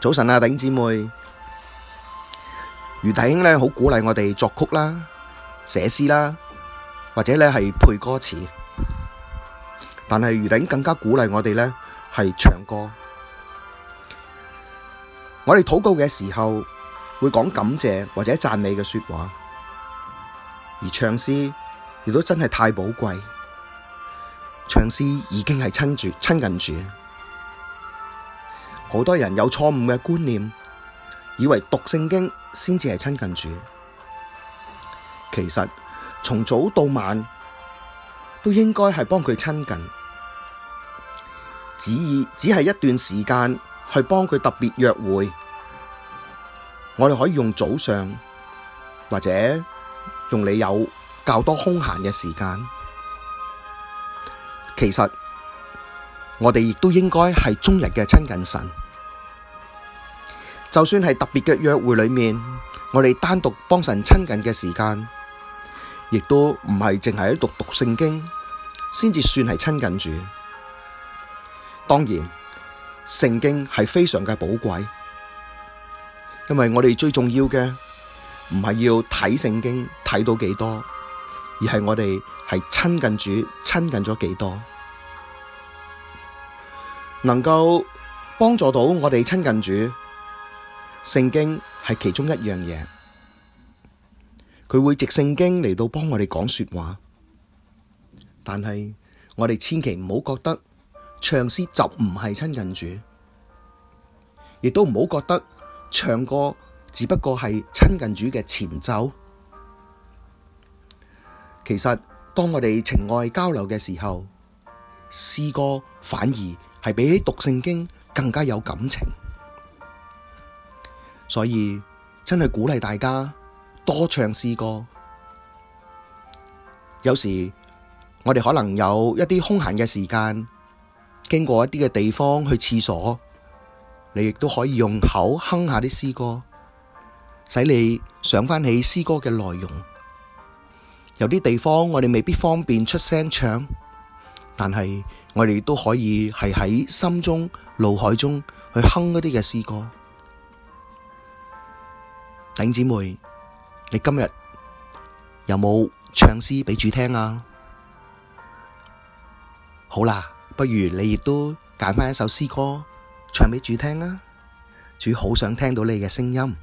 早晨啊，頂姊妹，余弟兄好鼓勵我哋作曲啦、寫詩啦，或者咧係配歌詞。但係余弟兄更加鼓勵我哋咧係唱歌。我哋禱告嘅時候會講感謝或者讚美嘅說話，而唱詩亦都真係太寶貴。唱詩已經係親住親近住。好多人有錯誤嘅觀念，以為讀聖經先至係親近主。其實從早到晚都應該係幫佢親近，只只係一段時間去幫佢特別約會。我哋可以用早上或者用你有較多空閒嘅時間。其實。我哋亦都應該係終日嘅親近神，就算係特別嘅約會裏面，我哋單獨幫神親近嘅時間，亦都唔係淨係喺度讀聖經，先至算係親近主。當然，聖經係非常嘅寶貴，因為我哋最重要嘅唔係要睇聖經睇到幾多，而係我哋係親近主親近咗幾多。能夠幫助到我哋親近主，聖經係其中一樣嘢，佢會藉聖經嚟到幫我哋講說話。但係我哋千祈唔好覺得唱詩就唔係親近主，亦都唔好覺得唱歌只不過係親近主嘅前奏。其實當我哋情愛交流嘅時候，詩歌反而。係比起讀聖經更加有感情，所以真係鼓勵大家多唱詩歌。有時我哋可能有一啲空閒嘅時間，經過一啲嘅地方去廁所，你亦都可以用口哼下啲詩歌，使你想翻起詩歌嘅內容。有啲地方我哋未必方便出聲唱。但係我哋都可以係喺心中、腦海中去哼一啲嘅詩歌。弟兄姊妹，你今日有冇唱詩畀主聽啊？好啦，不如你亦都揀翻一首詩歌唱畀主聽啦，啊。主好想聽到你嘅聲音。